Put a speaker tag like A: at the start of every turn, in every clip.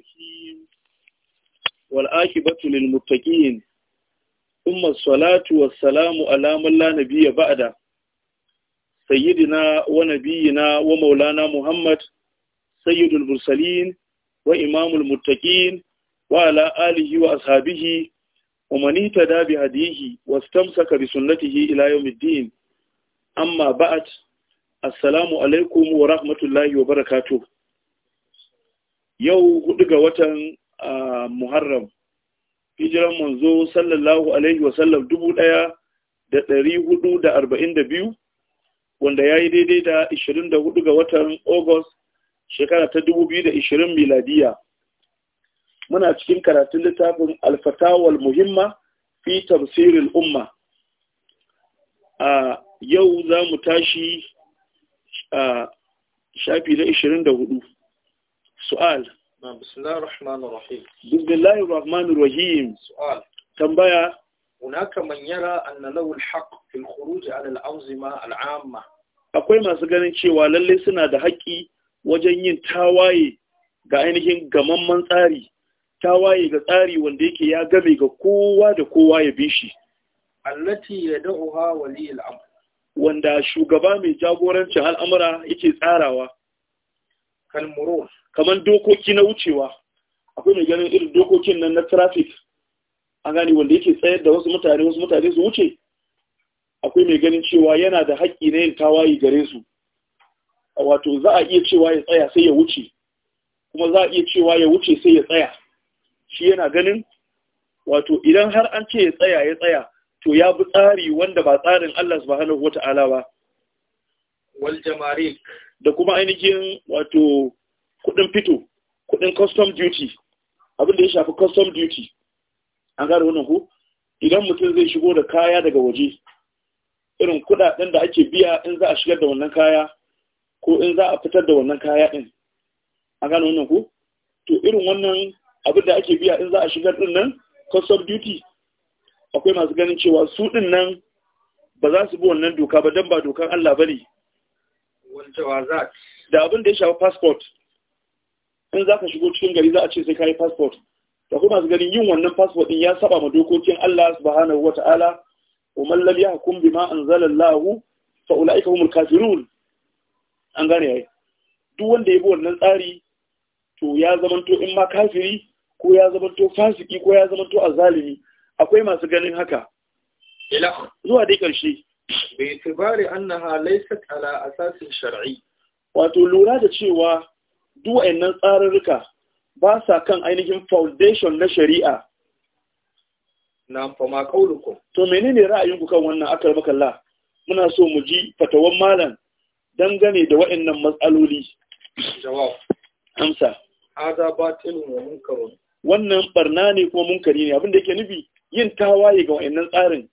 A: الرحيم والآكبة للمتقين ثم الصلاة والسلام على من لا نبي بعده سيدنا ونبينا ومولانا محمد سيد المرسلين وإمام المتقين وعلى آله وأصحابه ومن اهتدى بهديه واستمسك بسنته إلى يوم الدين أما بعد السلام عليكم ورحمة الله وبركاته yau hudu ga watan muharram hijiran manzo sallallahu alaihi wasallam dubu daya da dari hudu da arba'in da biyu wanda ya yi daidai da ishirin da hudu ga watan august shekara ta dubu biyu da ishirin miladiya muna cikin karatun littafin alfatawal muhimma fi tafsirin umma a yau za mu tashi a shafi na ishirin da hudu su'al bismillahir rahmanir rahim tambaya hunaka man yara anna lahu al-haqq fil khuruj ala al akwai masu ganin cewa lallai suna da haƙƙi wajen yin tawaye ga ainihin gamamman tsari tawaye ga tsari wanda yake ya game ga kowa da kowa ya bi shi allati yad'uha wali al-amr wanda shugaba mai jagorancin al'amura yake tsarawa kalmuro kamar dokoki na wucewa akwai mai ganin irin dokokin nan na traffic an gane wanda yake tsayar da wasu mutane wasu mutane su wuce akwai mai ganin cewa yana da haƙƙi na yin tawayi gare su wato za a iya cewa ya tsaya sai ya wuce kuma za a iya cewa ya wuce sai ya tsaya shi yana ganin wato idan har an ce ya tsaya ya tsaya to ya bi tsari wanda ba tsarin Allah subhanahu wata'ala ba wal jamarik da kuma ainihin wato kudin fito kudin custom duty abin da ya shafi custom duty an gane wannan ku idan mutum zai shigo da kaya daga waje irin kudaden da ake biya in za a shigar da wannan kaya ko in za a fitar da wannan kaya din an gane wannan ku to irin wannan abin da ake biya in za a shigar din nan custom duty akwai masu ganin cewa su din nan ba za su bi wannan doka ba don ba dokan Allah bane za da abin da ya shafi passport in za ka shigo cikin gari za a ce sai kai passport da kuma su ganin yin wannan passport din ya saba ma dokokin Allah subhanahu ta'ala wa man lam yahkum bima anzala Allah fa ulaika humul kafirun an gane yayi duk wanda ya bi wannan tsari to ya zamanto in ma kafiri ko ya zamanto fasiki ko ya zamanto azalimi akwai masu ganin haka ila zuwa dai karshe bai tibari annaha laysat ala asasin shar'i wato lura da cewa duk wayannan tsarurruka ba sa kan ainihin foundation na shari'a na fama kaulukum to menene ra'ayinku kan wannan akal makalla muna so mu ji fatawan malam dangane da wayannan matsaloli jawab amsa hada batilun wa munkarun wannan barna ne kuma munkari ne abin da yake nufi yin tawaye ga wa'annan tsarin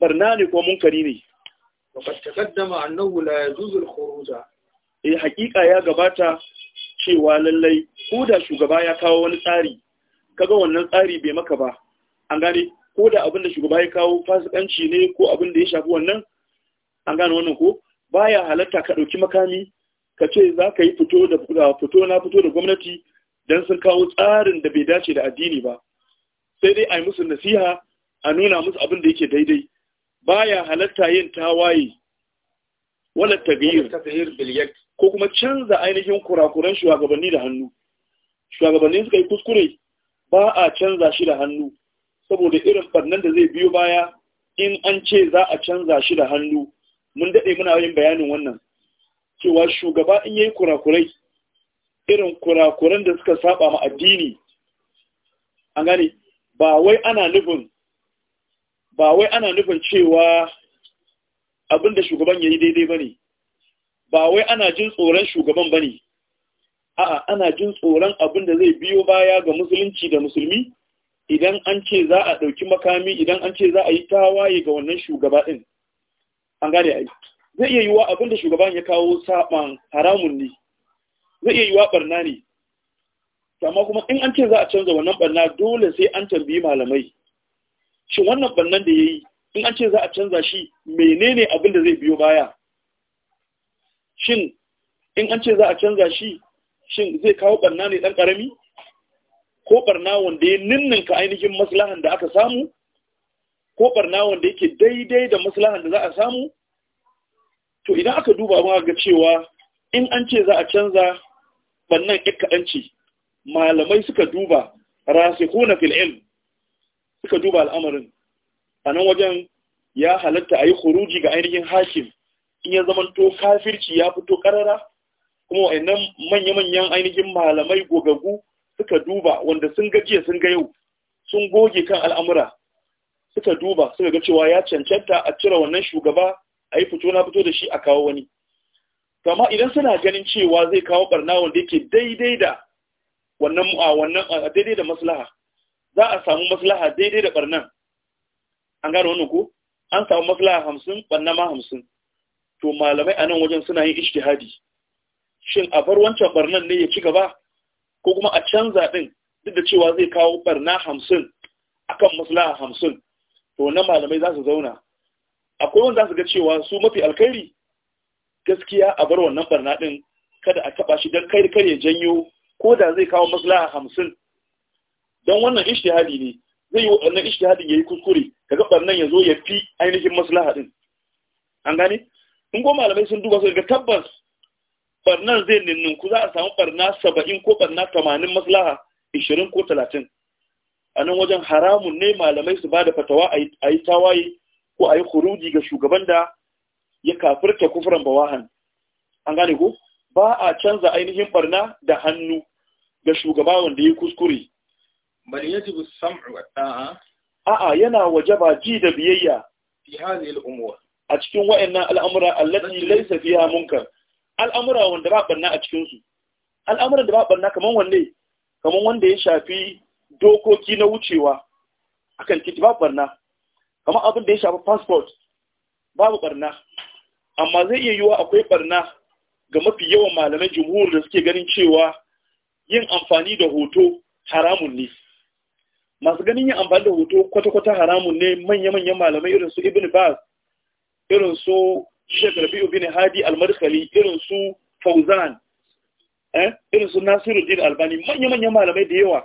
A: barna ne ko munkari ne وقد eh, hakika ya gabata cewa lallai ko da shugaba ya kawo wani tsari kaga wannan tsari bai maka ba an gane ko da abin da shugaba ya kawo fasikanci ne ko abin da ya shafi wannan an gane wannan ko baya halatta ka dauki makami ka ce za ka yi fito da fito na fito da gwamnati don sun kawo tsarin da bai dace da addini ba sai dai a yi musu nasiha a nuna musu abin da yake daidai baya halatta yin tawaye wala taghyir ko kuma canza ainihin kurakuran shugabanni da hannu shugabanni suka yi kuskure ba a canza shi da hannu saboda irin barnan da zai biyo baya in an ce za a canza shi da hannu mun daɗe muna yin bayanin wannan cewa shugaba in yayi kurakurai irin kurakuran da suka saba ma addini an gane ba wai ana nufin ba wai ana nufin cewa abinda shugaban ya yi daidai ba ne ba wai ana jin tsoron shugaban ba ne a'a ana jin tsoron abinda zai biyo baya ga musulunci da musulmi idan an ce za a ɗauki makami idan an ce za a yi tawaye ga wannan shugaba ɗin an gane ai zai iya abin abinda shugaban ya kawo saɓan haramun ne zai iya wa ɓarna ne amma kuma in an ce za a canza wannan ɓarna dole sai an tambayi malamai shin wannan bannan da ya yi in an ce za a canza shi menene abin da zai biyo baya shin in an ce za a canza shi shin zai kawo barna ne dan karami ko barna wanda ya ninninka ainihin maslahan da aka samu ko barna wanda yake daidai da maslahan da za a samu to idan aka duba ma ga cewa in an ce za a canza bannan kaɗan ce malamai suka duba rasikuna fil ilm suka duba al'amarin a nan wajen ya halatta a yi huruji ga ainihin hakim in ya zama to kafirci ya fito karara kuma wa'annan manya-manyan ainihin malamai gogagu suka duba wanda sun gajiya sun ga yau sun goge kan al'amura suka duba suka ga cewa ya cancanta a cire wannan shugaba a yi fito na fito da shi a kawo wani kama idan suna ganin cewa zai kawo barna wanda yake daidai da wannan daidai da maslaha za a samu maslaha daidai da barnan an gano wannan ko an samu maslaha hamsin barna ma hamsin to malamai a nan wajen suna yin ishtihadi shin a bar wancan barnan ne ya ci gaba ko kuma a canza din duk da cewa zai kawo barna hamsin akan maslaha hamsin to na malamai za su zauna akwai wanda za su ga cewa su mafi alkhairi gaskiya a bar wannan barna din kada a taba shi don kai kar ya janyo ko da zai kawo maslaha hamsin don wannan ishtihadi ne zai yi wannan ishtihadin yayi kuskure kaga barnan yazo ya fi ainihin maslaha din an gane in ko malamai sun duba su ga tabbas barnan zai ku za a samu barna 70 ko barna 80 maslaha 20 ko 30 a nan wajen haramun ne malamai su bada fatawa a yi tawaye ko a yi ga shugaban da ya kafirta kufuran bawahan an gane ko ba a canza ainihin barna da hannu ga shugaba wanda ya kuskure bal yajibu sam'u wa ta'a a'a yana wajaba ji da biyayya fi hadhihi al-umur a cikin wa'annan al'amura allati laysa fiha munkar al'amura wanda ba banna a cikin su al'amuran da ba banna kaman wanne kaman wanda ya shafi dokoki na wucewa akan titi ba barna kaman abin da ya shafi passport babu barna amma zai iya yiwa akwai barna ga mafi yawan malamai jumhur da suke ganin cewa yin amfani da hoto haramun ne masu ganin yin amfani da hoto kwata-kwata haramun ne manya-manyan malamai irin su ibn bas irin su shek rabi'u bin hadi almarkali irin su fauzan eh irin su nasiruddin albani manya-manyan malamai da yawa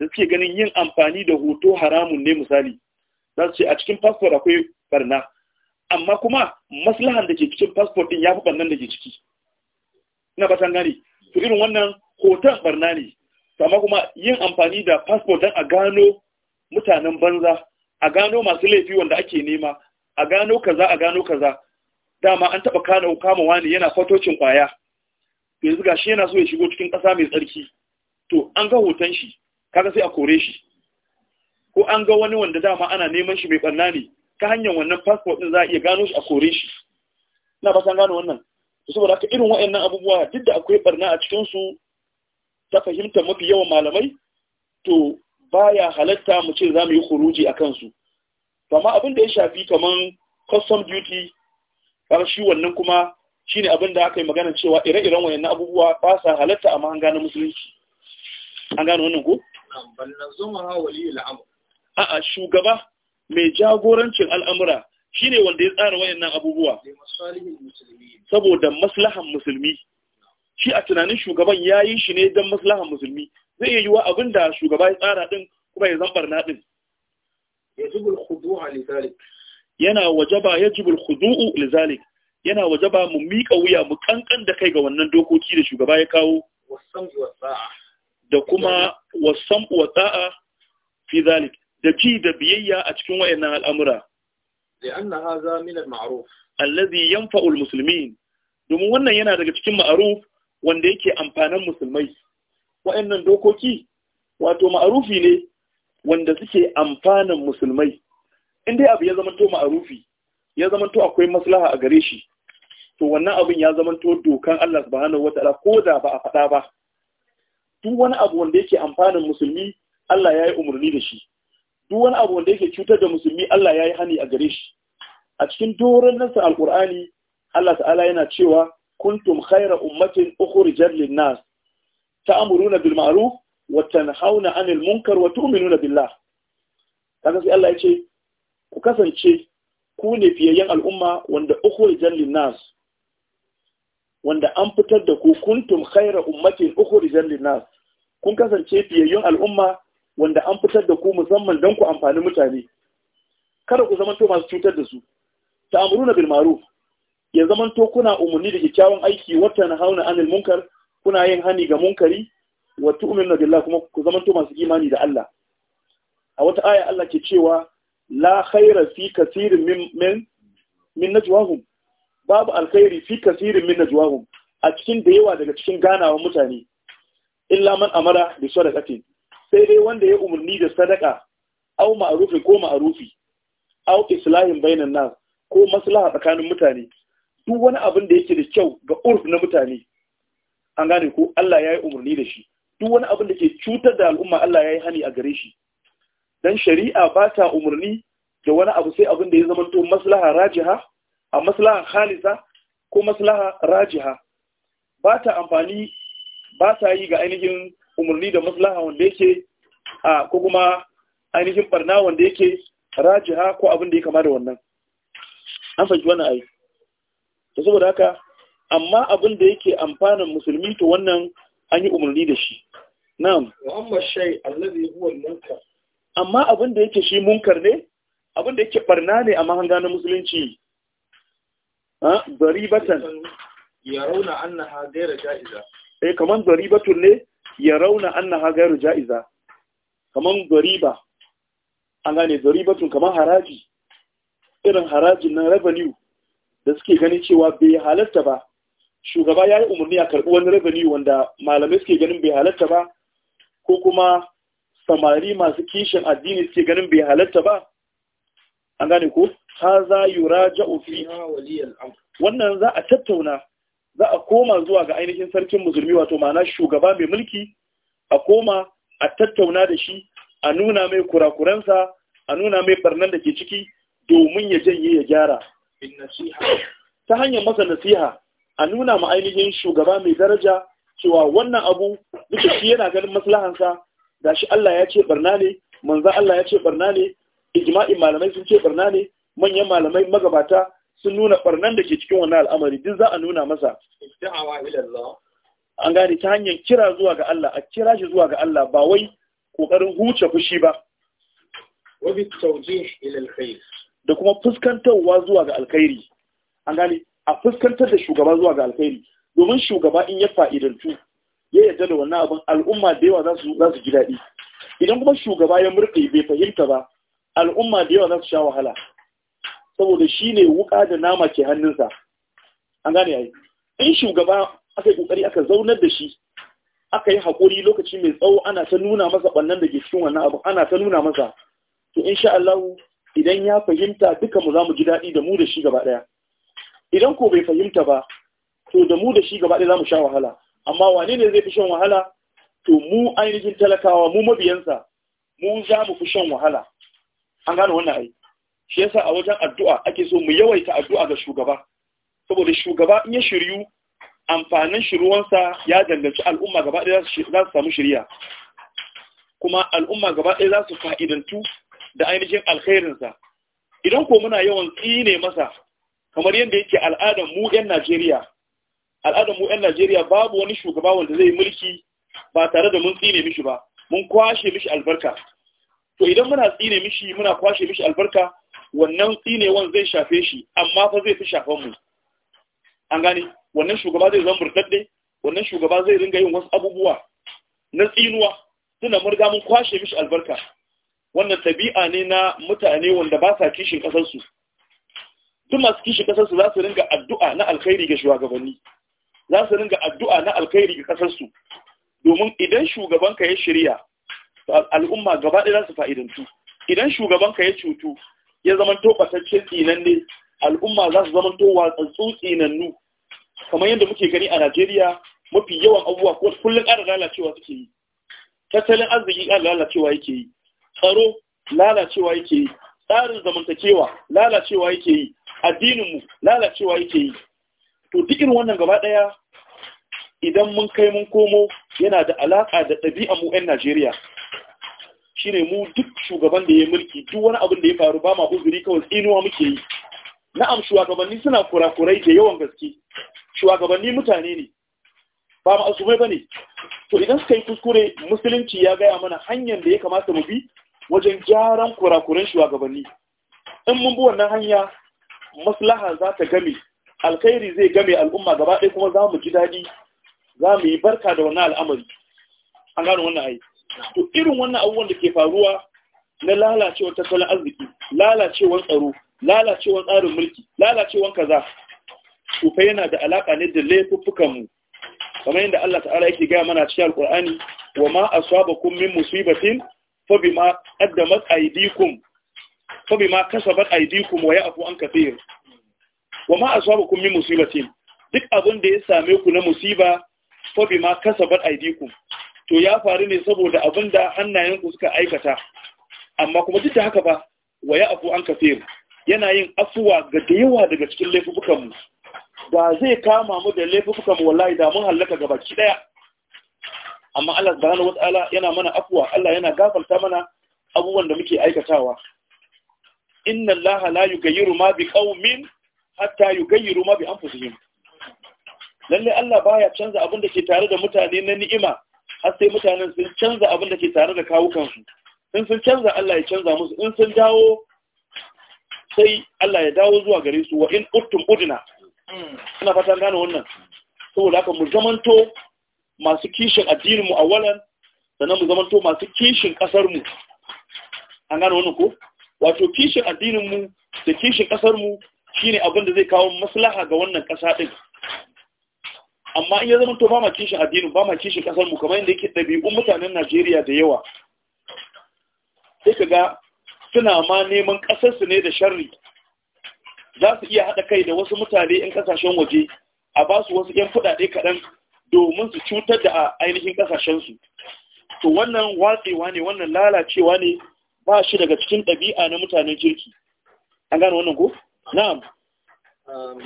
A: da suke ganin yin amfani da hoto haramun ne misali za su ce a cikin fasfor akwai barna amma kuma maslahan da ke cikin fasfor din ya fi barnan da ke ciki ina ba gane to irin wannan hoton barna ne sama kuma yin amfani da passport don a gano mutanen banza a gano masu laifi wanda ake nema a gano kaza a gano kaza dama an taba kana kama wani yana fatocin kwaya yanzu gashi yana so ya shigo cikin ƙasa mai tsarki to an ga hoton shi kaga sai a kore shi ko an ga wani wanda dama ana neman shi mai barna ne ta hanyar wannan passport din za a iya gano shi a kore shi na ba san gano wannan saboda haka irin waɗannan abubuwa duk da akwai barna a cikin su ta fahimta mafi yawan malamai to baya halatta mu ce za mu yi kuruji a kansu amma abin da ya shafi kaman custom duty shi wannan kuma shine abin da aka yi magana cewa ire-iren wayannan abubuwa ba sa halatta amma an gano musulunci an gano wannan ko a'a shugaba mai jagorancin al'amura shine wanda ya tsara wayannan abubuwa saboda maslahan musulmi shi a tunanin shugaban ya yi shi ne don maslahan musulmi zai iya wa abin da shugaba ya tsara din kuma ya zambar na din yana wajaba jibul khudu'u lizalik yana wajaba mu miƙa wuya mu kankan da kai ga wannan dokoki da shugaba ya kawo da kuma wasan wata'a fi zalik da ji da biyayya a cikin wayannan al'amura لأن هذا من المعروف الذي ينفع المسلمين domin wannan yana daga cikin ma'aruf wanda yake amfanin musulmai wa'annan dokoki wato ma'arufi ne wanda suke amfanin musulmai in dai abu ya zamanto ma'arufi ya zamanto akwai maslaha a gare shi to wannan abin ya zamanto dokan Allah subhanahu wataala ko da ba a faɗa ba duk wani abu wanda yake amfanin musulmi Allah ya yi umarni da shi duk wani abu wanda yake cutar da musulmi Allah ya yi hani a gare shi a cikin doron nasa alkur'ani Allah ta'ala yana cewa kuntum khayra ummatin ukhrijat lin-nas ta'muruna bil ma'ruf wa tanhauna 'anil munkar wa tu'minuna billah kaga sai Allah ya ce ku kasance ku ne fiyayyen al'umma wanda ukhrijat lin-nas wanda an fitar da ku kuntum khayra ummatin ukhrijat lin-nas kun kasance fiyayyun al'umma wanda an fitar da ku musamman don ku amfani mutane kada ku zama to masu cutar da su ta'muruna bil ma'ruf ya zaman to kuna umarni da kyakkyawan aiki wata na hauna anil munkar kuna yin hani ga munkari wa tu'minu billahi kuma ku zaman to masu imani da Allah a wata aya Allah ke cewa la khaira fi kasirin min min najwahum babu alkhairi fi kasirin min najwahum a cikin da yawa daga cikin ganawa mutane illa man amara bi sadaqati sai dai wanda ya umarni da sadaka au ma'arufi ko ma'arufi au islahin bainan nas ko maslaha tsakanin mutane duk wani abin da yake da kyau ga urf na mutane an gane ko Allah ya yi umarni da shi duk wani abin da ke cutar da al'umma Allah ya yi hani a gare shi dan shari'a ba ta umarni da wani abu sai abin da ya zama to maslaha rajiha a maslaha khalisa ko maslaha rajiha ba ta amfani ba ta yi ga ainihin umarni da maslaha wanda yake a ko kuma ainihin barna wanda yake rajiha ko abin da ya kama da wannan an fahimci wannan ayi. to saboda haka amma abin da yake amfanin musulmi to wannan an yi umarni da shi na'am amma shay allazi huwa munkar amma abin da yake shi munkar ne abin da yake barna ne a mahanga na musulunci ha daribatan yarawna annaha Gairu ja'iza eh kaman daribatun ne yarawna annaha Gairu ja'iza kaman dariba an gane daribatun kaman haraji irin harajin na revenue da suke ganin cewa bai halarta ba shugaba ya yi umarni a karɓi wani rabani wanda malamai suke ganin bai halarta ba ko kuma samari masu kishin addini suke ganin bai halarta ba an gane ko ha za yura ofi wannan za a tattauna za a koma zuwa ga ainihin sarkin musulmi wato ma'ana shugaba mai mulki a koma a tattauna da shi a nuna mai kurakuransa a nuna mai barnan da ke ciki domin ya janye ya gyara ta hanyar masa nasiha a nuna ma ainihin shugaba mai daraja cewa wannan abu duka shi yana ganin maslahansa shi Allah ya ce barna ne manzo Allah ya ce barna ne ijma'in malamai sun ce barna ne manyan malamai magabata sun nuna barnan da ke cikin wannan al'amari duk za a nuna masa an gane ta hanyar kira zuwa ga Allah a kira shi zuwa ga Allah ba wai kokarin huce fushi ba wa bi tawjih ila al-khair da kuma fuskantarwa zuwa ga alkhairi an gane a fuskantar da shugaba zuwa ga alkhairi domin shugaba in ya fa'idantu ya yarda da wannan abin al'umma da yawa za su ji daɗi idan kuma shugaba ya murɗe bai fahimta ba al'umma da yawa za su sha wahala saboda shi ne wuƙa da nama ke hannunsa an gane yayi in shugaba aka yi ƙoƙari aka zaunar da shi aka yi haƙuri lokaci mai tsawo ana ta nuna masa ɓannan da ke cikin wannan abu ana ta nuna masa to insha Allah idan ya fahimta duka mu zamu ji daɗi da mu da shi gaba ɗaya idan ko bai fahimta ba to da mu da shi gaba ɗaya za sha wahala amma wane ne zai fi shan wahala to mu ainihin talakawa mu mabiyansa mu za mu fi shan wahala an gane wannan ai shi yasa a wajen addu'a ake so mu yawaita addu'a ga shugaba saboda shugaba in ya shiryu amfanin shiruwansa ya danganci al'umma gaba ɗaya za su samu shirya kuma al'umma gaba ɗaya za su fa'idantu da ainihin alkhairinsa idan ko muna yawan tsine masa kamar yadda yake al'adar mu 'yan Najeriya al'adar mu 'yan Najeriya babu wani shugaba wanda zai mulki ba tare da mun tsine mishi ba mun kwashe mishi albarka to idan muna tsine mishi muna kwashe mishi albarka wannan tsinewan zai shafe shi amma fa zai fi shafan mu an gane wannan shugaba zai zama burtadde wannan shugaba zai ringa yin wasu abubuwa na tsinuwa suna murga mun kwashe mishi albarka wannan tabi'a ne na mutane wanda ba sa kishin kasarsu duk masu kishin kasarsu za su ringa addu'a na alkhairi ga shugabanni za su ringa addu'a na alkhairi ga kasarsu domin idan shugabanka ya shirya to al'umma gaba ɗaya za su fa'idantu idan shugabanka ya cutu ya zama to ɓataccen tsinanne al'umma za su zama to watsatsu tsinannu kamar yadda muke gani a Najeriya mafi yawan abubuwa ko kullum ƙara lalacewa suke yi tattalin arziki ƙara lalacewa yake yi tsaro lalacewa yake yi tsarin zamantakewa lalacewa yake yi addininmu lalacewa yake yi to dikin wannan gaba ɗaya idan mun kai mun komo yana da alaka da ɗabi'a mu ɗan Najeriya shine mu duk shugaban da ya mulki duk wani abin da ya faru ba ma uzuri kawai tsinuwa muke yi na'am shugabanni suna kurakurai da yawan gaske shugabanni mutane ne ba ma asumai ne. to idan suka yi kuskure musulunci ya gaya mana hanyar da ya kamata mu bi wajen gyaran kurakuran shugabanni in mun bi wannan hanya maslaha za ta game alkhairi zai game al'umma gaba ɗaya kuma za mu ji daɗi za mu yi barka da wannan al'amari an gano wannan ai to irin wannan abubuwan da ke faruwa na lalacewar tattalin arziki lalacewar tsaro lalacewar tsarin mulki lalacewar kaza to fa yana da alaka ne da laifuffukan mu kamar yadda Allah ta'ala yake gaya mana cikin alqur'ani wa ma asabakum min musibatin fa bima qaddamat aydikum fa bima kasabat aydikum wa ya'fu an kathir wa ma asabakum min musibatin duk abin da ya same ku na musiba fa bima kasabat aydikum to ya faru ne saboda abin da hannayenku suka aikata amma kuma duk da haka ba wa ya'fu an kathir yana yin afuwa ga da yawa daga cikin laifukan mu ba zai kama mu da laifukan mu wallahi da mun gaba ki daya amma Allah subhanahu wataala yana mana afuwa Allah yana gafarta mana abubuwan da muke aikatawa inna Allah la yughayyiru ma biqaumin hatta yughayyiru ma bi anfusihim lalle Allah baya canza abin da ke tare da mutane na ni'ima har sai mutanen sun canza abin da ke tare da kawukansu in sun canza Allah ya canza musu in sun dawo sai Allah ya dawo zuwa gare su wa in uttum udna hmm. ina fatan gane wannan saboda haka mu zamanto masu kishin addinin mu awalan sannan mu to masu kishin kasar an gano wannan ko wato kishin addinin da kishin kasar mu shine abin da zai kawo maslaha ga wannan kasa ɗin? amma in ya zama to ba ma kishin addinin ba ma kishin kasar mu kamar yadda yake ɗabi'un mutanen Najeriya da yawa sai ka ga suna ma neman ƙasarsu ne da sharri za su iya haɗa kai da wasu mutane 'yan kasashen waje a ba su wasu 'yan kuɗaɗe kaɗan domin su cutar da ainihin kasashensu to wannan watsewa ne wannan lalacewa ne ba shi daga cikin ɗabi'a na mutanen kirki an gane wannan ko na'am um,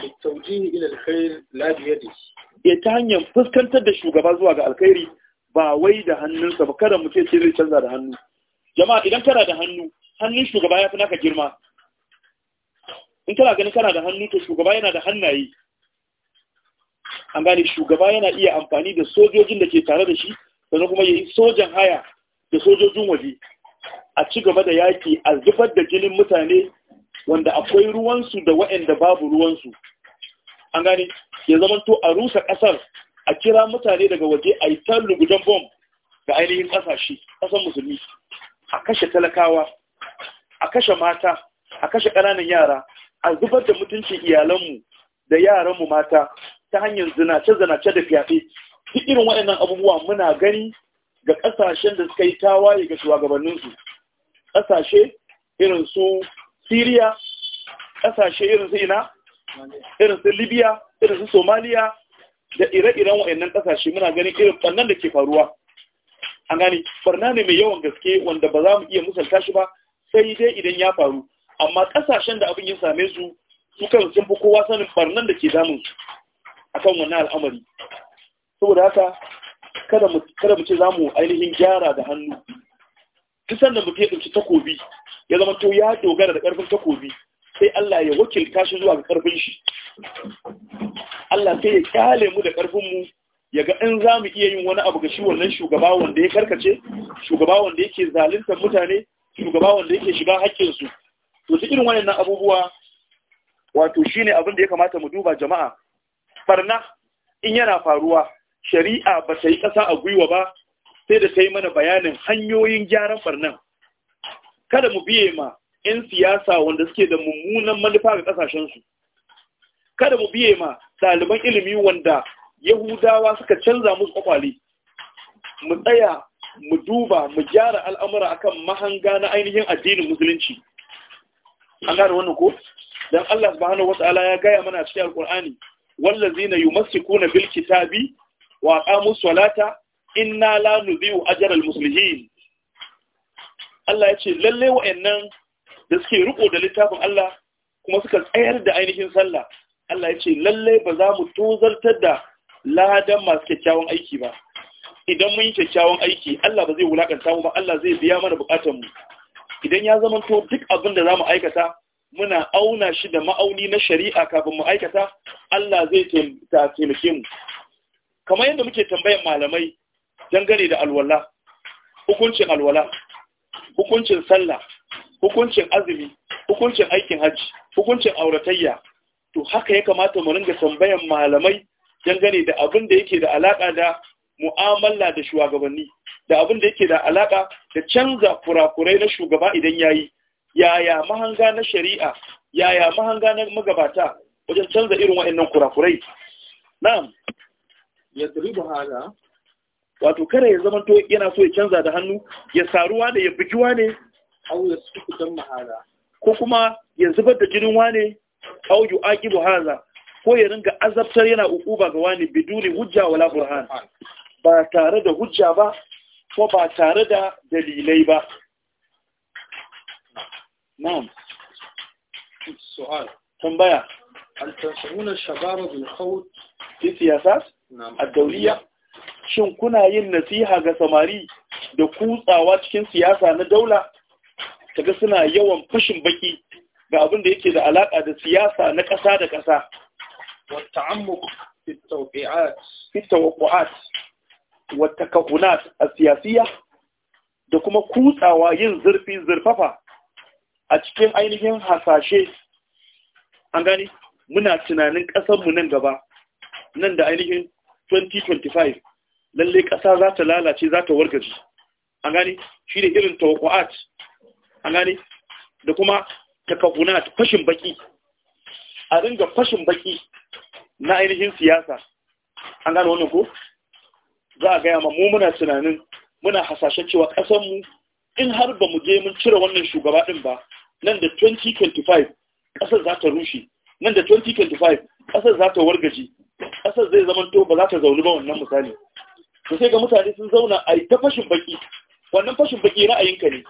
A: ya eh, ta hanyar fuskantar da shugaba zuwa ga alkhairi ba wai da hannunsa ba kada mu sai zai canza da hannu jama'a idan kana da hannu hannun shugaba ya fi naka girma in kana ganin kana da hannu to shugaba yana da hannaye an gane shugaba yana iya amfani da sojojin da ke tare da shi sannan kuma yayi sojan haya da sojojin waje a ci gaba da yaki a zubar da jinin mutane wanda akwai ruwansu da waɗanda babu ruwansu an gane ya zama to a rusa ƙasar a kira mutane daga waje a yi tan lugudan bom ga ainihin ƙasashe ƙasar musulmi a kashe talakawa a kashe mata a kashe ƙananan yara a zubar da mutuncin iyalanmu da yaranmu mata ta hanyar zinace-zinace da fyaɗe duk irin waɗannan abubuwa muna gani ga ƙasashen da suka yi tawaye ga shugabanninsu ƙasashe irin su siriya ƙasashe irin su ina irin su libya irin su somaliya da ire-iren waɗannan ƙasashe muna ganin irin ɓannan da ke faruwa an gani barna ne mai yawan gaske wanda ba za mu iya musalta shi ba sai dai idan ya faru amma ƙasashen da abin ya same su su kan sun fi kowa sanin barnan da ke damun su akan wannan al'amari saboda haka kada mu kada mu ce ainihin gyara da hannu duk sanda mu ya dauki takobi ya zama to ya dogara da karfin takobi sai Allah ya wakilta shi zuwa ga karfin shi Allah sai ya kyale mu da karfin mu ya ga in za mu iya yin wani abu ga shi wannan shugaba wanda ya karkace shugaba wanda yake zaluntar mutane shugaba wanda yake shiga haƙƙinsu to su irin wayannan abubuwa wato shine abin da ya kamata mu duba jama'a barna in yana faruwa shari'a ba ta yi ƙasa a gwiwa ba sai da ta yi mana bayanin hanyoyin gyaran barnan kada mu biye ma 'yan siyasa wanda suke da mummunan manufa ga ƙasashensu kada mu biye ma ɗaliban ilimi wanda yahudawa suka canza musu kwakwale mu tsaya mu duba mu gyara al'amura akan mahanga na ainihin addinin musulunci an gane wannan ko dan Allah subhanahu ta'ala ya gaya mana cikin alqur'ani wallazina yumassikuna bil kitabi wa aqamus salata inna la nudhi'u ajra al muslimin Allah ya ce lalle wa'annan da suke riko da littafin Allah kuma suka tsayar da ainihin sallah Allah ya ce lalle ba za mu tozartar da ladan masu kyakkyawan aiki ba idan mun yi kyakkyawan aiki Allah ba zai wulakanta mu ba Allah zai biya mana bukatun mu idan ya zama to duk abin da zamu aikata muna auna shi da ma'auni na shari'a kafin mu aikata Allah zai taimake mu kamar yadda muke tambayan malamai dangane da alwala hukuncin alwala hukuncin sallah hukuncin azumi hukuncin aikin hajji hukuncin auratayya to haka ya kamata mu ringa tambayan malamai dangane da abin da yake da alaka da mu'amala da shugabanni da abin da yake da alaka da canza kurakurai na shugaba idan yayi yaya mahanga na shari'a yaya mahanga na magabata wajen canza irin wa'annan kurakurai na'am ya dribu hala wato kare ya zama to yana so ya canza da hannu ya saruwa da ya bugi wane au ya suku dan mahala ko kuma ya zubar da jinin wane au yu aki haza ko ya ringa azabtar yana ukuba ga wani biduni hujja wala burhan ba tare da hujja ba ko ba tare da dalilai ba na'am su'al tambaya hal tansuruna shabab bil khawt fi shin kuna yin nasiha ga samari da kutsawa cikin siyasa na daula kaga suna yawan fashin baki ga abin da yake da alaƙa da siyasa na ƙasa da ƙasa wa ta'ammuq fi tawqi'at fi tawqi'at wa takahunat siyasiyya da kuma kutsawa yin zurfi zurfafa a cikin ainihin hasashe an gani muna tunanin ƙasarmu nan gaba nan da ainihin 2025 lalle ƙasa za ta lalace za ta wargaji an gani shi da irin tawakwa'at an gani da kuma takahunat fashin baki a ringa fashin baki na ainihin siyasa an gani wannan ko za a gaya ma mu muna tunanin muna hasashen cewa ƙasarmu in har ba mu je mun cire wannan shugaba ɗin ba nan da 2025 ƙasar za ta rushe nan da 2025 ƙasar za ta wargaji ƙasar zai zama to ba za ta zaune ba wannan misali to sai ga mutane sun zauna a yi ta fashin baki wannan fashin baki ra'ayinka ne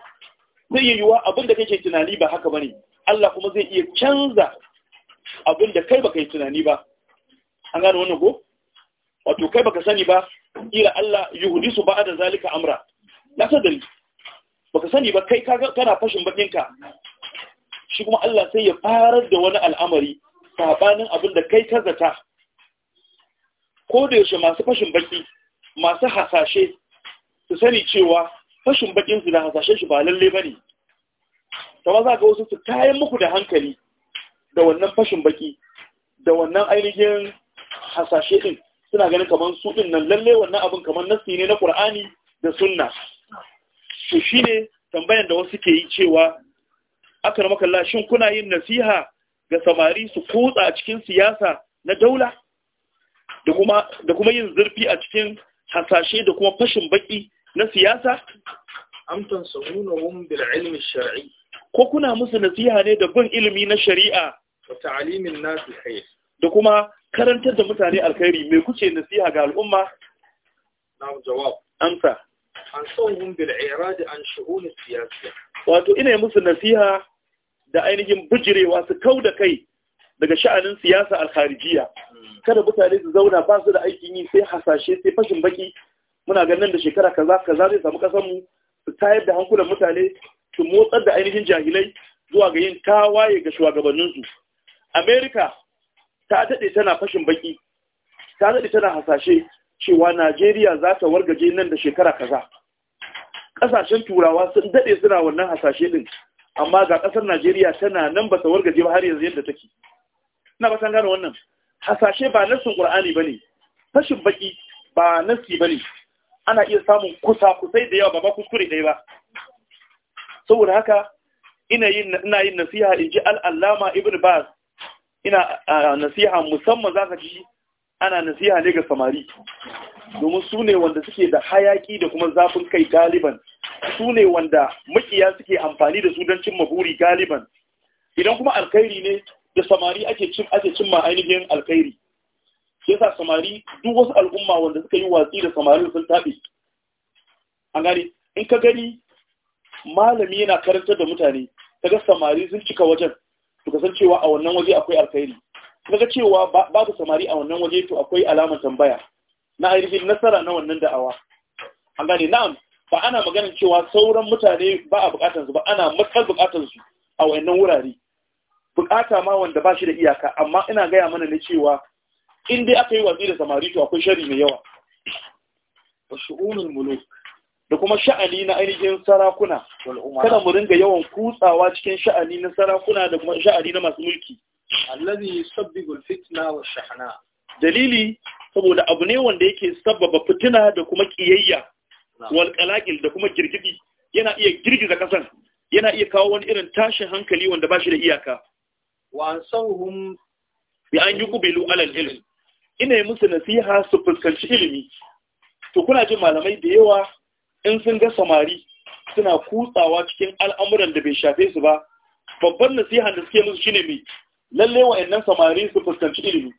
A: zai yi yiwuwa abin da kake tunani ba haka bane Allah kuma zai iya canza abin da kai baka yi tunani ba an gane wannan ko wato kai baka sani ba ila Allah yuhdisu ba'da zalika amra na sadali baka sani ba kai kana fashin bakinka shi kuma Allah sai ya farar da wani al'amari sabanin abin da kai ka zata ko da yaushe masu fashin baki masu hasashe su sani cewa fashin bakin su da hasashe shi ba lalle bane kuma za ga wasu su kayan muku da hankali da wannan fashin baki da wannan ainihin hasashe din suna ganin kamar su din nan lalle wannan abin kamar nasi ne na Qur'ani da Sunna shi shine tambayan da wasu ke yi cewa aka ramakalla shin kuna yin nasiha ga samari su kutsa a cikin siyasa na daula da kuma yin zurfi a cikin hasashe da kuma fashin baki na siyasa amtan sahunahum bil ilmi shar'i ko kuna musu nasiha ne da bin ilimi na shari'a wa ta'alimin nas khair da kuma karantar da mutane alkhairi me kuce nasiha ga al'umma Na jawab amsa an sahunahum bil i'rad an shuhun siyasa. wato ina musu nasiha da ainihin bujirewa su kau da kai daga sha'anin siyasa alkharijiya kada mutane su zauna ba su da aikin yi sai hasashe sai fashin baki muna ganin da shekara kaza kaza zai samu kasan mu su tayar da hankulan mutane su motsar da ainihin jahilai zuwa ga yin tawaye ga shugabannin su America ta daɗe tana fashin baki ta dade tana hasashe cewa Najeriya za ta wargaje nan da shekara kaza Ƙasashen turawa sun daɗe suna wannan hasashe din amma ga kasar Najeriya tana nan ba ta wargaje ba har yanzu yadda take ina ba san gano wannan hasashe ba nassin Qur'ani bane fashin baki ba nassi bane ana iya samun kusa kusai da yawa ba ba kuskure ɗaya ba saboda haka ina yin ina yin nasiha in ji al-allama ibn baz ina nasiha musamman zaka ji ana nasiha ne ga samari domin su ne wanda suke da hayaki da kuma zafin kai galiban su ne wanda makiya suke amfani da su don cimma buri galiban idan kuma alkhairi ne da samari ake cin ake cimma ainihin alkhairi yasa samari duk wasu al'umma wanda suka yi watsi da samari sun taɓe an gane in ka gani malami yana karantar da mutane kaga samari sun cika wajen to ka san cewa a wannan waje akwai alkhairi kaga cewa babu samari a wannan waje to akwai alamar tambaya na ainihin nasara na wannan da'awa an gane na'am ba ana maganin cewa sauran mutane ba a bukatar su ba ana matsar bukatar su a wayannan wurare bukata ma wanda ba shi da iyaka amma ina gaya mana na cewa in dai aka yi watsi da samari to akwai shari mai yawa wa shu'unul muluk da kuma sha'ani na ainihin sarakuna kada mu ringa yawan kutsawa cikin sha'ani na sarakuna da kuma sha'ani na masu mulki allazi yusabbibu alfitna wa shahna dalili saboda abu ne wanda yake sabbaba fitina da kuma kiyayya walƙalaƙil da kuma girgidi yana iya girgiza ƙasar yana iya kawo wani irin tashin hankali wanda ba shi da iyaka wa ansahum bi an yuqbilu ala al-ilm ina musu nasiha su fuskanci ilimi to kuna jin malamai da yawa in sun ga samari suna kutsawa cikin al'amuran da bai shafe su ba babban nasiha da suke musu shine mai lalle wa'annan samari su fuskanci ilimi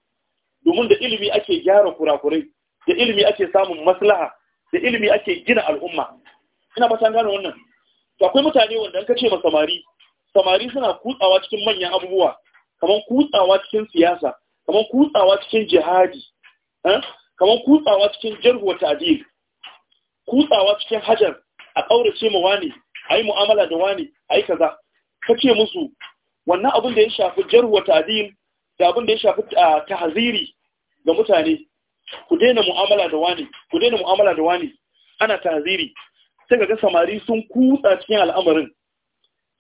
A: domin da ilimi ake gyara kurakurai da ilimi ake samun maslaha da ilimi ake gina al'umma ina fatan gano wannan to akwai mutane wanda an kace ma samari samari suna kutsawa cikin manyan abubuwa kamar kutsawa cikin siyasa kamar kutsawa cikin jihadi eh, kamar kutsawa cikin jarhu wa ta'dil kutsawa cikin hajar a kaurace ma wani ayi mu'amala da wani ayi kaza kace musu wannan abin da ya shafi jarhu wa ta'dil da abin da ya shafi ah, tahziri ga mutane ku daina mu'amala da wani ku daina mu'amala da wani ana taziri sai ga samari sun kutsa cikin al'amarin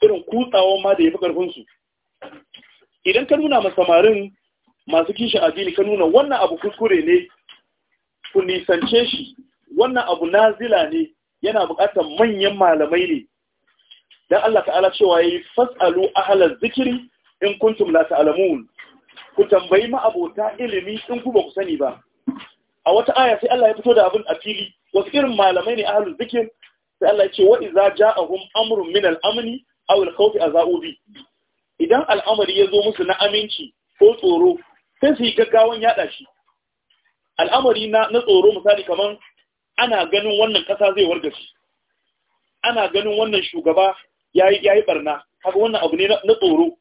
A: irin kutsawa ma da yafi karfin su idan ka nuna ma samarin masu kishin addini ka nuna wannan abu kuskure ne ku nisance shi wannan abu nazila ne yana buƙatar manyan malamai ne dan Allah ta'ala cewa yayi fasalu ahlaz zikri in kuntum la ta'lamun ku tambayi ma abota ilimi in ku ba ku sani ba a wata aya sai Allah ya fito da abin a fili wasu irin malamai ne ahlul zikir sai Allah ya ce ja a ja'ahum amurin min al a aw a khawf azau idan al'amari ya zo musu na aminci ko tsoro sai su yi gaggawan yaɗa shi al'amari na tsoro misali kamar ana ganin wannan kasa zai warga shi, ana ganin wannan shugaba ya yi barna haka wannan abu ne na tsoro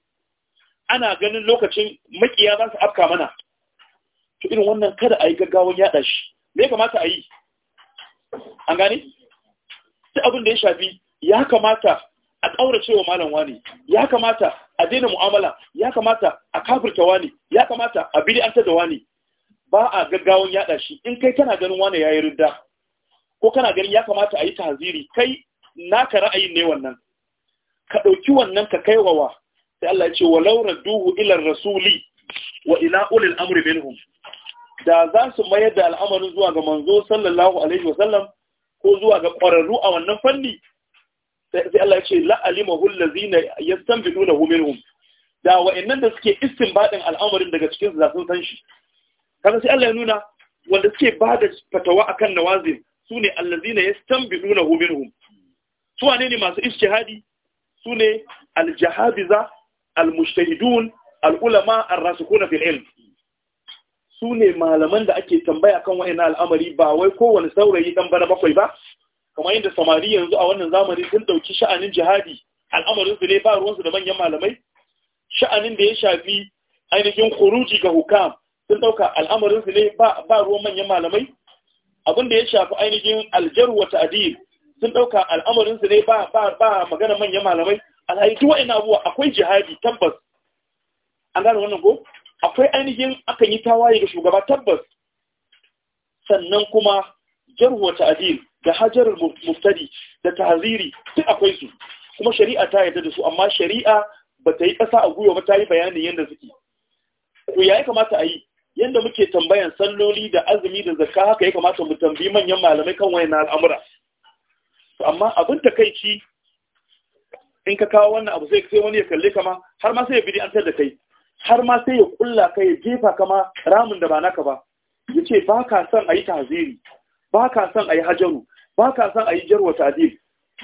A: ana ganin lokacin makiya za su afka mana to irin wannan kada a yi gaggawan yaɗa shi me ya kamata a yi an gani? duk abin da ya shafi ya kamata a ƙaura cewa malam wani ya kamata a daina mu'amala ya kamata a kafirta wani ya kamata a an da wani ba a gaggawan yaɗa shi in kai kana ganin wani yi ridda ko kana ganin ya kamata a yi tahziri kai naka ra'ayin ne wannan ka ɗauki wannan ka kai wawa sai Allah ya ce walau radduhu ila rasuli wa ila ulil amri minhum da za su mayar da al'amarin zuwa ga manzo sallallahu alaihi wasallam ko zuwa ga ƙwararru a wannan fanni sai Allah ya ce la'alimahu allazina yastanbidunahu minhum da wa'annan da suke istinbadin al'amarin daga cikin su za sun san shi kaga sai Allah ya nuna wanda suke ba da fatawa akan nawazin sune allazina yastanbidunahu minhum su wane ne masu ijtihadi sune aljahabiza al'ulama arrasukuna fil ilm su ne malaman da ake tambaya kan wa'ina al'amari ba wai kowane saurayi dan bana bakwai ba kamar yadda samari yanzu a wannan zamani sun ɗauki sha'anin jihadi al'amarin su ne ba su da manyan malamai sha'anin da ya shafi ainihin kuruji ga hukam sun dauka al'amarin su ne ba ruwan manyan malamai abin da ya shafi ainihin aljaru wa ta'dil sun dauka al'amarin su ne ba ba magana manyan malamai alhaji wa'in abuwa akwai jihadi tabbas an gane wannan ko akwai ainihin akan yi tawaye ga shugaba tabbas sannan kuma jarwa ta'dil da hajar muftadi da tahziri duk akwai su kuma shari'a ta yarda da su amma shari'a ba ta yi ƙasa a gwiwa ba ta yi bayanin yadda suke to ya kamata a yi yadda muke tambayan salloli da azumi da zakka haka ya kamata mu tambi manyan malamai kan wayan al'amura amma abin takaici in ka kawo wannan abu sai sai wani ya kalle kama har ma sai ya bi an da kai har ma sai ya kulla ka ya jefa kama ramin da ba naka ba ya ce ba ka son a yi taziri ba ka son a yi hajaru ba ka son a yi jarwa tazir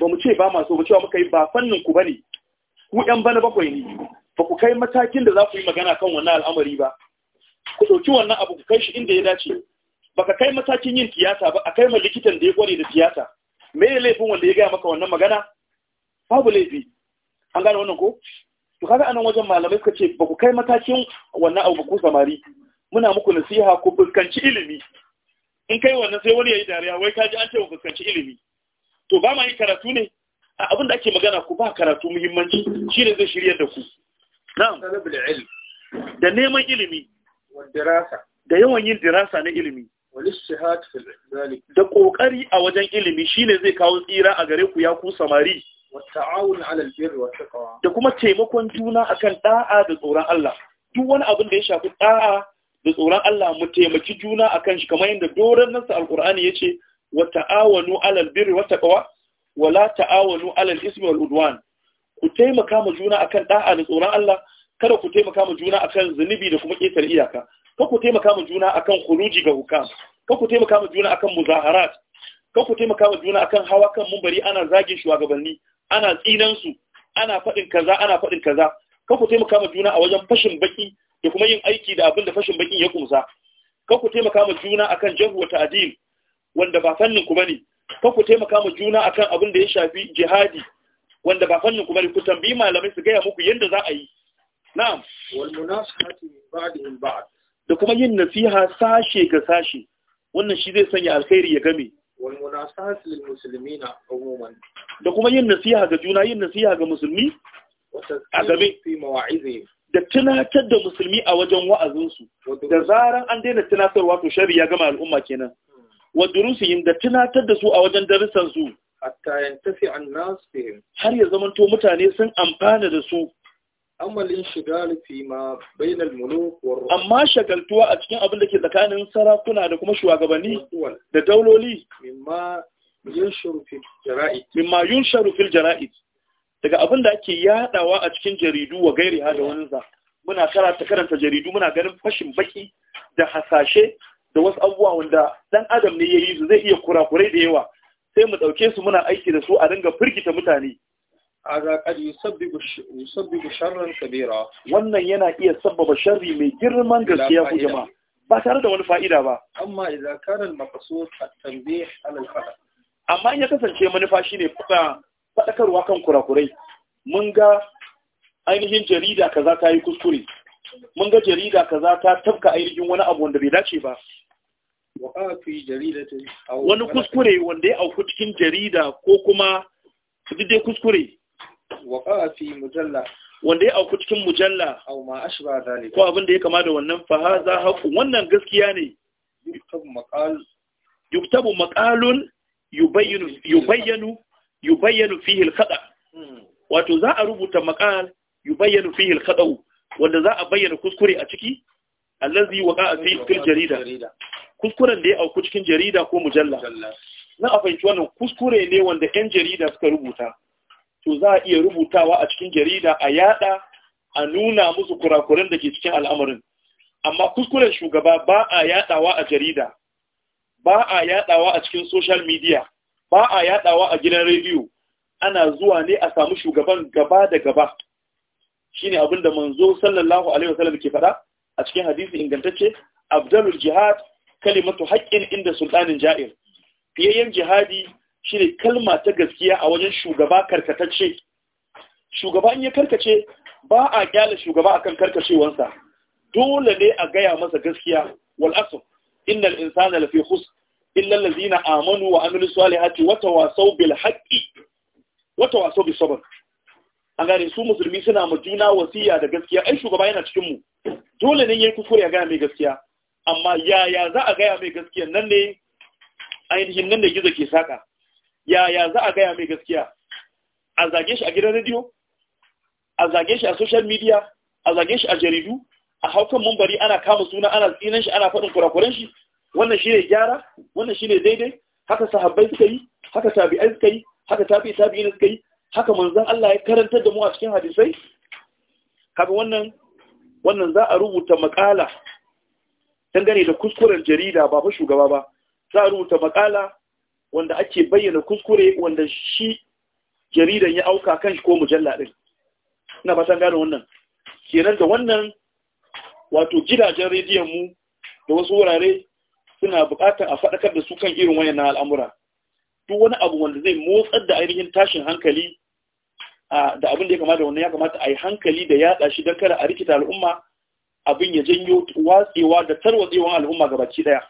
A: ba mu ce ba masu ba cewa muka yi ba fannin ku bane ku yan bana bakwai ne ba ku kai matakin da za ku yi magana kan wannan al'amari ba ku ɗauki wannan abu ku kai shi inda ya dace ba ka kai matakin yin tiyata ba a kai ma likitan da ya kware da tiyata me ya laifin wanda ya gaya maka wannan magana babu laifi an gane wannan ko to kaga anan wajen malamai suka ce ba ku kai matakin wannan abu ku samari muna muku nasiha ku fuskanci ilimi in kai wannan sai wani yayi dariya wai kaji an ce ku fuskanci ilimi to ba ma yi karatu ne a abin da ake magana ku ba karatu muhimmanci shi ne zai shiryar da ku na'am da neman ilimi da yawan yin dirasa na ilimi da kokari a wajen ilimi shine zai kawo tsira a gare ku ya ku samari da kuma taimakon juna akan ɗa'a da tsoron Allah duk wani abin da ya shafi ɗa'a da tsoron Allah mu taimaki juna akan shi kamar yadda doron nasa alkur'ani yace wa ta'awanu alal birri wa taqwa wa la ta'awanu alal ismi wal ku taimaka ma juna akan da'a da tsoron Allah kada ku taimaka ma juna akan zunubi da kuma ƙetare iyaka kada ku taimaka ma juna akan khuruji ga hukam kada ku taimaka ma juna akan muzaharat kada ku taimaka ma juna akan hawa kan mumbari ana zagin shugabanni ana su, ana faɗin kaza ana faɗin kaza kan ku taimaka ma juna a wajen fashin baki da kuma yin aiki da abin da fashin bakin ya kumsa kan ku taimaka ma juna akan jahu wa ta'dil wanda ba fannin ku bane kan ku taimaka ma juna akan abin da ya shafi jihadi wanda ba fannin ku bane ku tambayi malamai su gaya muku yadda za a yi na'am wal munasahati ba'dihim ba'd da kuma yin nasiha sashe ga sashe wannan shi zai sanya alkhairi ya game wal munasahati lil muslimina umuman da kuma yin nasiha ga juna yin nasiha ga musulmi a game fi mawa'izi da tunatar da musulmi a wajen wa'azinsu da zaran an daina tunatarwa to shari ya gama al'umma kenan hmm. wa durusihim da tunatar da su a wajen darussan su hatta yantafi an nas bihim har ya zamanto mutane sun amfana da su amalin shiga nufi ma bainal muluk war amma shagaltuwa a cikin abin da ke tsakanin sarakuna da kuma shugabanni da dauloli mimma yunsharu fil jara'id mimma daga abin da ake yadawa a cikin jaridu wa gairi ha da wani za muna karanta karanta jaridu muna ganin fashin baki da hasashe da wasu abubuwa wanda dan adam ne yayi su zai iya kurakurai da yawa sai mu dauke su muna aiki da su a dinga firgita mutane هذا قد يسبب wannan yana iya sabbaba sharri mai girman gaskiya ku jama ba tare da wani fa'ida ba amma idza kana al-maqsud tanbih ala al amma in ya kasance manufa shine fada fadakarwa kan kurakurai mun ga ainihin jarida kaza ta yi kuskure mun ga jarida kaza ta tafka ainihin wani abu wanda bai dace ba wani kuskure wanda ya auku cikin jarida ko kuma su dai kuskure waqa fi mujalla wanda ya auku cikin mujalla aw ma ashba zalika ko abin da ya kama da wannan faha za haqu wannan gaskiya ne yuktabu maqal yuktabu maqalun yubayyinu yubayyanu yubayyanu fihi al hmm. wato za a rubuta maqal yubayyanu fihi al wanda za a bayyana kuskure a ciki allazi waqa fi fil jarida kuskuren da ya auku cikin jarida ko mujalla na a fahimci wannan kuskure ne wanda 'yan jarida suka rubuta to za a iya rubutawa a cikin jarida a yada a nuna musu kurakuren da ke cikin al'amarin amma kuskuren shugaba ba a yadawa a jarida ba a yadawa a cikin social media ba a yadawa a gidan rediyo ana zuwa ne a samu shugaban gaba da gaba Shi ne abinda manzo sallallahu alaihi wasallam ke faɗa a cikin hadisi ingantacce abdalul jihad kalimatu haqqin inda sultanin ja'ir fiyayen jihadi ne kalma ta gaskiya a wajen shugaba karkatacce shugaba in ya karkace ba a gyala shugaba akan karkacewansa dole ne a gaya masa gaskiya wal'asu asr innal insana lafi in illa allazina amanu wa amilu salihati wata wasau bil haqqi wata wasau bis sabr an gane su musulmi suna ma juna wasiya da gaskiya ai shugaba yana cikin mu dole ne yayi kufuri a gaya mai gaskiya amma yaya za a gaya mai gaskiya nan ne ainihin nan da gizo ke saka yaya za a gaya mai gaskiya a zage shi a gidan rediyo a zage shi a social media a zage shi a jaridu a haukan mumbari ana kama suna ana tsinan shi ana faɗin kurakuran shi wannan shi ne gyara wannan shi ne daidai haka sahabbai suka yi haka tabi'ai suka yi haka tabi tabi'in suka yi haka manzon Allah ya karanta da mu a cikin hadisai kaga wannan wannan za a rubuta makala dangane da kuskuren jarida ba fa shugaba ba za a rubuta makala wanda ake bayyana kuskure wanda shi jaridan ya auka kan shi ko mujalla din ina fatan gano wannan kenan da wannan wato gidajen rediyon mu da wasu wurare suna buƙatar a faɗakar da su kan irin na al'amura duk wani abu wanda zai motsar da ainihin tashin hankali da abin da ya kamata wannan ya kamata a yi hankali da yaɗa shi don kada a rikita al'umma abin ya janyo watsewa da tarwatsewa al'umma gabaki ɗaya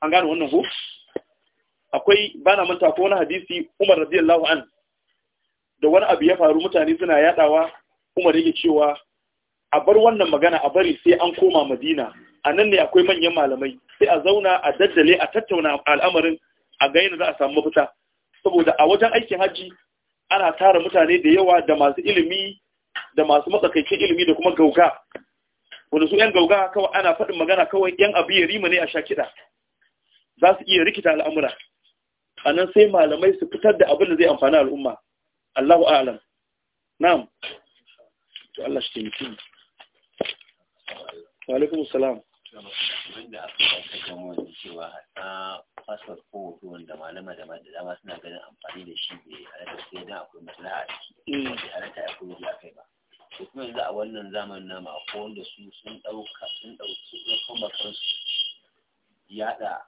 A: an gano wannan ko akwai ba bana manta ko wani hadisi Umar radiyallahu an da wani abu ya faru mutane suna yadawa Umar yake cewa a bar wannan magana a bari sai an koma Madina a nan ne akwai manyan malamai sai a zauna a daddale a tattauna al'amarin a ga yadda za a samu mafita saboda a wajen aikin hajji ana tara mutane da yawa da masu ilimi da masu matsakaicin ilimi da kuma gauga wanda su 'yan gauga kawai ana faɗin magana kawai 'yan abu ya rima ne a sha kiɗa za su iya rikita al'amura a nan sai malamai su fitar da abin da zai amfani al'umma Allahu a'lam na'am to Allah shi taimake mu wa alaikum Salam! wanda wani cewa a fasfar wanda malama da dama suna ganin amfani da shi ne a sai dan akwai maslaha a ciki mm. ba to kuma yanzu a wannan zamanin nama akwai wanda su sun dauka sun ɗauki sun kuma kansu yada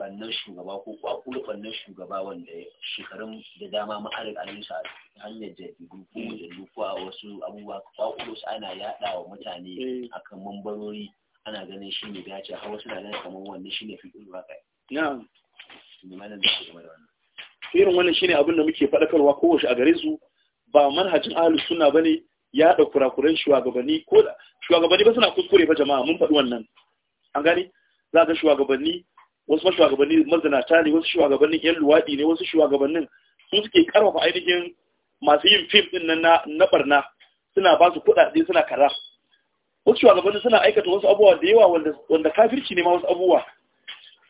A: bannan shugaba ko kwakula bannan shugaba wanda shekarun da dama ma'arin alinsa hanyar jaddu ko mujallu ko wasu abubuwa kwakula su ana yada wa mutane eh. akan mambarori ana ganin shi ne dace a wasu na kamar wannan shi ne fi ɗin kai. ma nan da wannan. Irin wannan shine abin da muke faɗakarwa kowace a gare su ba manhajin ahlus sunna bane ya da kurakuren shugabanni ko da shugabanni ba suna kuskure ba jama'a mun faɗi wannan. An gani? Za ga shugabanni wasu shugabanni mazinata ne wasu shugabannin yan luwaɗi ne wasu shugabannin su suke karfafa ainihin masu yin fim din nan na barna suna ba su kuɗaɗe suna kara wasu shugabanni suna aikata wasu abubuwa da yawa wanda kafirci ne ma wasu abubuwa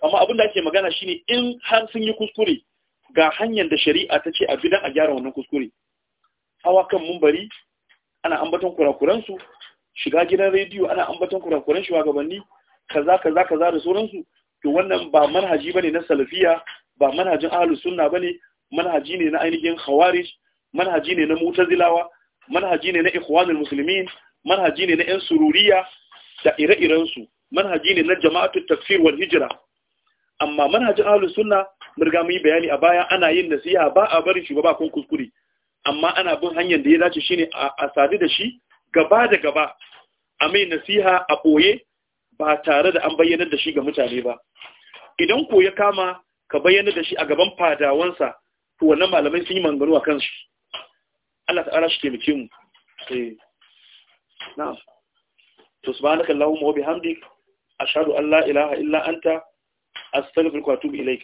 A: amma abin da ake magana shine in har sun yi kuskure ga hanyar da shari'a ta ce a bi dan a gyara wannan kuskure hawa kan mumbari ana ambaton kurakuransu shiga gidan rediyo ana ambaton kurakuran shugabanni kaza kaza kaza da sauransu to wannan ba manhaji bane na salafiya ba manhajin ahlus sunna bane manhaji ne na ainihin khawarij manhaji ne na mutazilawa manhaji ne na ikhwanul muslimin manhaji ne na yan sururiya da ire-iren su manhaji ne na jama'atul takfir wal hijra amma manhajin ahlus sunna mun mun yi bayani a baya ana yin nasiha ba a barin shugaba kun kuskure amma ana bin hanyar da ya dace shine a sadu da shi gaba da gaba a mai nasiha a ɓoye ba tare da an bayyanar da shi ga mutane ba idan ko ya kama ka bayyana da shi a gaban fadawansa to wannan malamai sun yi manganu a kansu Allah ta'ala shi taimake mu eh. na to subhanaka allahumma wa bihamdik ashhadu an la ilaha illa anta astaghfiruka wa atubu ilayk